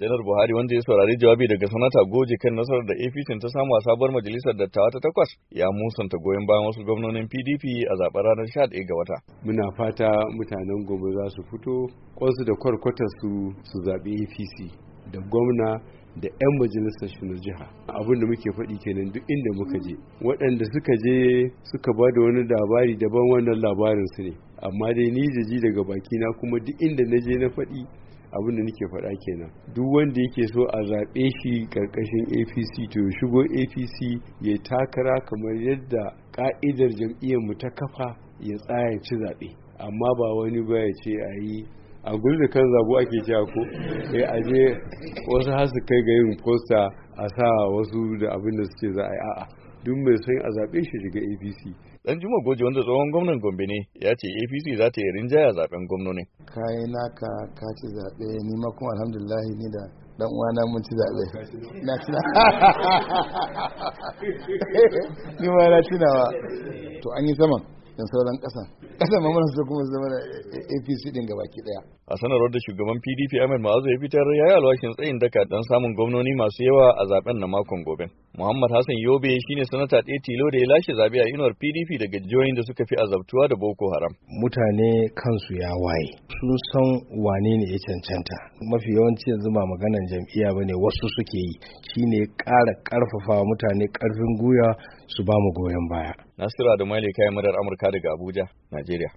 janar buhari wanda ya saurari jawabi daga sanata goje kan nasarar da apc ta samu a sabuwar majalisar dattawa ta takwas ya musanta goyon bayan wasu gwamnonin pdp a zaɓen ranar 11 ga wata muna fata mutanen gobe za su fito kwansu da kwarkwatar su su zaɓi apc da gwamna da 'yan majalisar shi jiha abin da muke faɗi kenan duk inda muka je waɗanda suka je suka ba da wani labari daban wannan labarin su ne amma dai ni da ji daga bakina kuma duk inda na je na faɗi abin da nake faɗa kenan duk wanda yake so a zaɓe shi ƙarƙashin apc to shigo apc ya takara kamar yadda ƙa'idar jam'iyyar mu ta kafa ya tsaya ci zaɓe amma ba wani ba ya ce a yi a gulda kan zabu ake cewa ko eh, a aje wasu har su kai ga yin poster a sa wasu da abin da suke za a yi a'a duk mai san a zaɓe shi daga apc dan juma goje wanda tsohon gwamnan gombe ne ya ce apc za ta yi rinjaya zaben gwamnonin kayi naka ka ci zaɓe ni ma kuma alhamdulillah ni da dan uwana mun ci zaɓe na tuna ni ma na tunawa to an yi saman Yan sauran ƙasan ƙasan ma mana kuma su zama apc din baki daya a sanarwar da shugaban pdp ahmed ma'azu ya fitar ya yi alwashin tsayin daka don samun gwamnoni masu yawa a zaben na makon gobe Muhammad Hassan Yobe shine sanata ɗaya tilo da ya lashe zabe a inuwar PDP daga jihohin da suka fi azabtuwa da Boko Haram. Mutane kansu ya waye, sun san wane ne ya cancanta. Mafi yawanci yanzu ba maganan jam'iyya bane wasu suke yi, shine ƙara ƙarfafa mutane ƙarfin gwiwa su ba mu goyon baya. Nasiru Ali kayan madar Amurka daga Abuja, Najeriya.